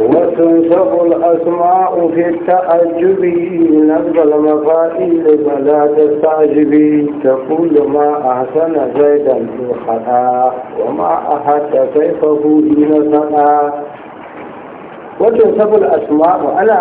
وتنسب الأسماء في التعجب نسب المفائل فلا تستعجبي تقول ما أحسن زيدا في الخطا وما أحد سيفه دين سنا وتنسب الأسماء على